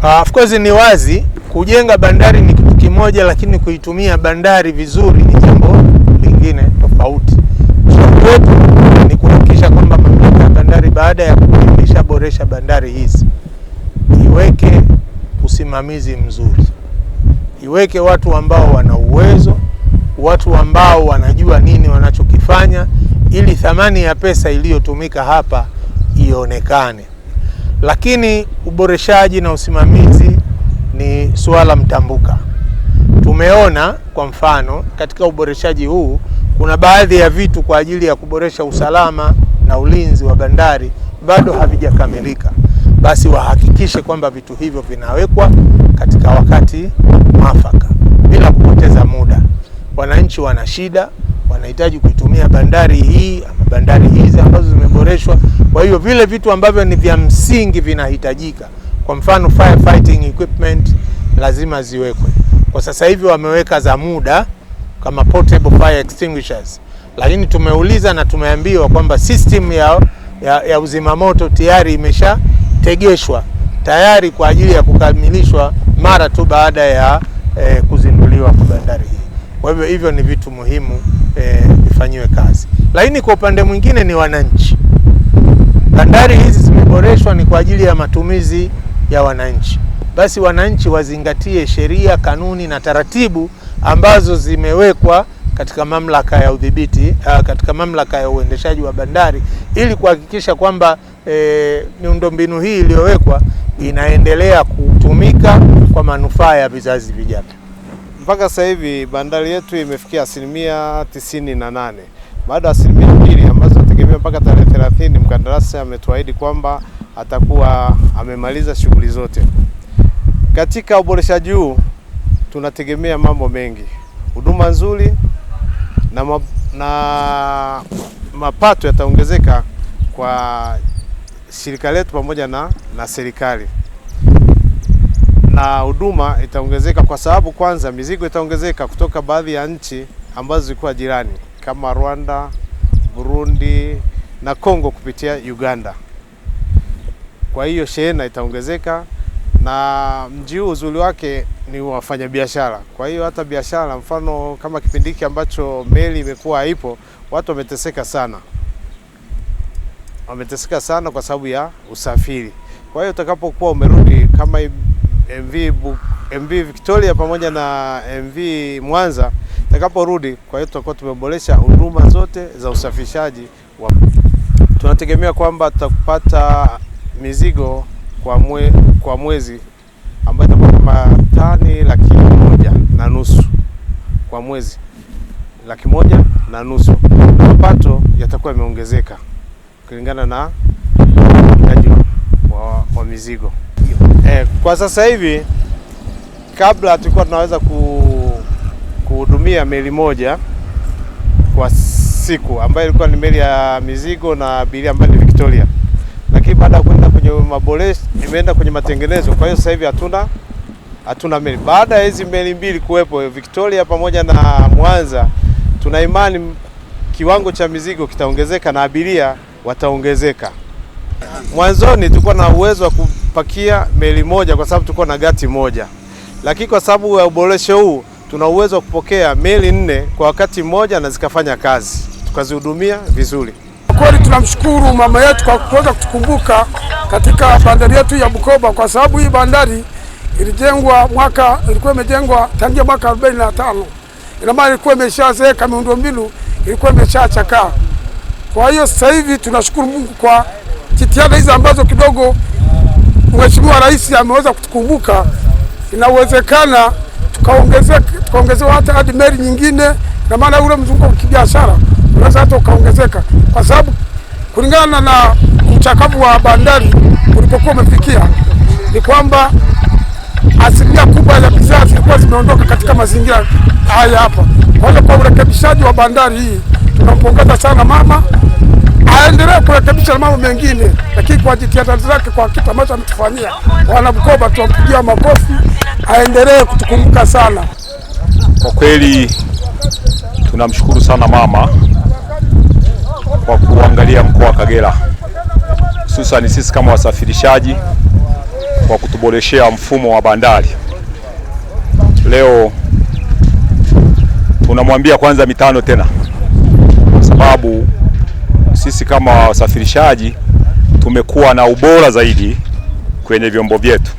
Uh, of course ni wazi kujenga bandari ni kitu kimoja, lakini kuitumia bandari vizuri ni jambo lingine tofauti. Shauri wetu ni kuhakikisha kwamba mamlaka ya bandari baada ya kuimarisha boresha bandari hizi iweke usimamizi mzuri, iweke watu ambao wana uwezo, watu ambao wanajua nini wanachokifanya, ili thamani ya pesa iliyotumika hapa ionekane, lakini uboreshaji na usimamizi ni suala mtambuka. Tumeona kwa mfano katika uboreshaji huu kuna baadhi ya vitu kwa ajili ya kuboresha usalama na ulinzi wa bandari bado havijakamilika. Basi wahakikishe kwamba vitu hivyo vinawekwa katika wakati mwafaka bila kupoteza muda. Wananchi wana shida, wanahitaji kuitumia bandari hii ama bandari hizi ambazo zimekuwa hiyo vile vitu ambavyo ni vya msingi vinahitajika, kwa mfano firefighting equipment lazima ziwekwe. Kwa sasa hivi wameweka za muda kama portable fire extinguishers, lakini tumeuliza na tumeambiwa kwamba system ya, ya, ya uzima moto tayari imeshategeshwa tayari kwa ajili ya kukamilishwa mara tu baada ya eh, kuzinduliwa kwa bandari hii. Kwa hivyo hivyo ni vitu muhimu eh, vifanyiwe kazi, lakini kwa upande mwingine ni wananchi Bandari hizi zimeboreshwa ni kwa ajili ya matumizi ya wananchi, basi wananchi wazingatie sheria, kanuni na taratibu ambazo zimewekwa katika mamlaka ya udhibiti uh, katika mamlaka ya uendeshaji wa bandari ili kuhakikisha kwamba e, miundombinu hii iliyowekwa inaendelea kutumika kwa manufaa ya vizazi vijavyo. Mpaka sasa hivi bandari yetu imefikia asilimia tisini na nane. Baada ya tunategemea mpaka tarehe 30 mkandarasi ametuahidi kwamba atakuwa amemaliza shughuli zote. Katika uboreshaji huu tunategemea mambo mengi, huduma nzuri na, ma, na mapato yataongezeka kwa shirika letu pamoja na, na serikali na huduma itaongezeka kwa sababu kwanza mizigo itaongezeka kutoka baadhi ya nchi ambazo zilikuwa jirani kama Rwanda Burundi na Kongo kupitia Uganda. Kwa hiyo shehena itaongezeka, na mji huu uzuri wake ni wafanyabiashara. Kwa hiyo hata biashara, mfano kama kipindi hiki ambacho meli imekuwa haipo, watu wameteseka sana, wameteseka sana kwa sababu ya usafiri. Kwa hiyo utakapokuwa umerudi kama MV, MV Victoria pamoja na MV Mwanza Nitakaporudi, kwa hiyo tutakuwa tumeboresha huduma zote za usafirishaji wa. Tunategemea kwamba tutapata mizigo kwa, mwe, kwa mwezi ambayo itakuwa kama tani laki moja na nusu kwa mwezi, laki moja na nusu. Mapato yatakuwa yameongezeka kulingana na ujaji wa, wa mizigo eh. Kwa sasa hivi kabla tulikuwa tunaweza ku kuhudumia meli moja kwa siku ambayo ilikuwa ni meli ya mizigo na abiria ambayo ni Victoria, lakini baada ya kwenda kwenye maboresho imeenda kwenye matengenezo. Kwa hiyo sasa hivi hatuna hatuna meli. Baada ya hizi meli mbili kuwepo, Victoria pamoja na Mwanza, tuna imani kiwango cha mizigo kitaongezeka na abiria wataongezeka. Mwanzoni tulikuwa na uwezo wa kupakia meli moja kwa sababu tulikuwa na gati moja, lakini kwa sababu ya uboresho huu tuna uwezo wa kupokea meli nne kwa wakati mmoja na zikafanya kazi tukazihudumia vizuri. Kweli tunamshukuru mama yetu kwa kuweza kutukumbuka katika bandari yetu ya Bukoba, kwa sababu hii bandari ilijengwa mwaka ilikuwa imejengwa tangia mwaka 45 ina maana ilikuwa imeshazeeka, miundombinu ilikuwa imeshachakaa. Kwa hiyo sasa hivi tunashukuru Mungu kwa jitihada hizi ambazo kidogo Mheshimiwa Rais ameweza kutukumbuka, inawezekana tukaongezewa hata hadi meli nyingine, na maana ule mzunguko wa kibiashara unaweza hata ukaongezeka, kwa sababu kulingana na uchakavu wa bandari ulipokuwa umefikia ni kwamba asilimia kubwa ya bidhaa zilikuwa zimeondoka katika mazingira haya hapa. Kwa hiyo kwa urekebishaji wa bandari hii tunampongeza sana mama aendelee kurekebisha mambo mengine, lakini kwa jitihada zake, kwa kitu ambacho ametufanyia wanabukoba, tuwapigia makofi, aendelee kutukumbuka sana. Kwa kweli tunamshukuru sana mama kwa kuangalia mkoa wa Kagera, hususani sisi kama wasafirishaji, kwa kutuboreshea mfumo wa bandari. Leo tunamwambia kwanza mitano tena, kwa sababu sisi kama wasafirishaji tumekuwa na ubora zaidi kwenye vyombo vyetu.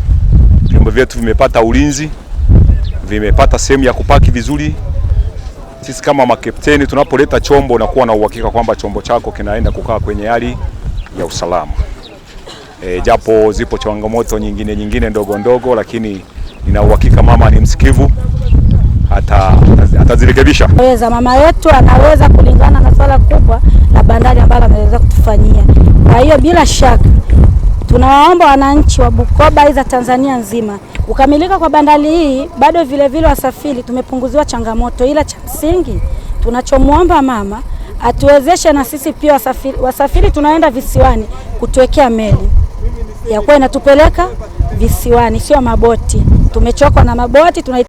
Vyombo vyetu vimepata ulinzi, vimepata sehemu ya kupaki vizuri. Sisi kama makapteni tunapoleta chombo kuwa na uhakika kwamba chombo chako kinaenda kukaa kwenye hali ya usalama. E, japo zipo changamoto nyingine nyingine ndogo ndogo, lakini nina uhakika mama ni msikivu atazirekebisha. Ataweza, mama yetu anaweza kulingana na swala kubwa la bandari ambalo ameweza kutufanyia. Kwa hiyo bila shaka tunawaomba wananchi wa Bukoba za Tanzania nzima, kukamilika kwa bandari hii bado vile vile wasafiri tumepunguziwa changamoto, ila cha msingi tunachomwomba mama atuwezeshe na sisi pia wasafiri, wasafiri tunaenda visiwani kutuwekea meli yakuwa inatupeleka visiwani, sio maboti. Tumechoka na maboti tuna